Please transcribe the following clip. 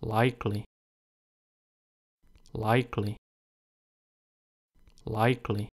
likely likely likely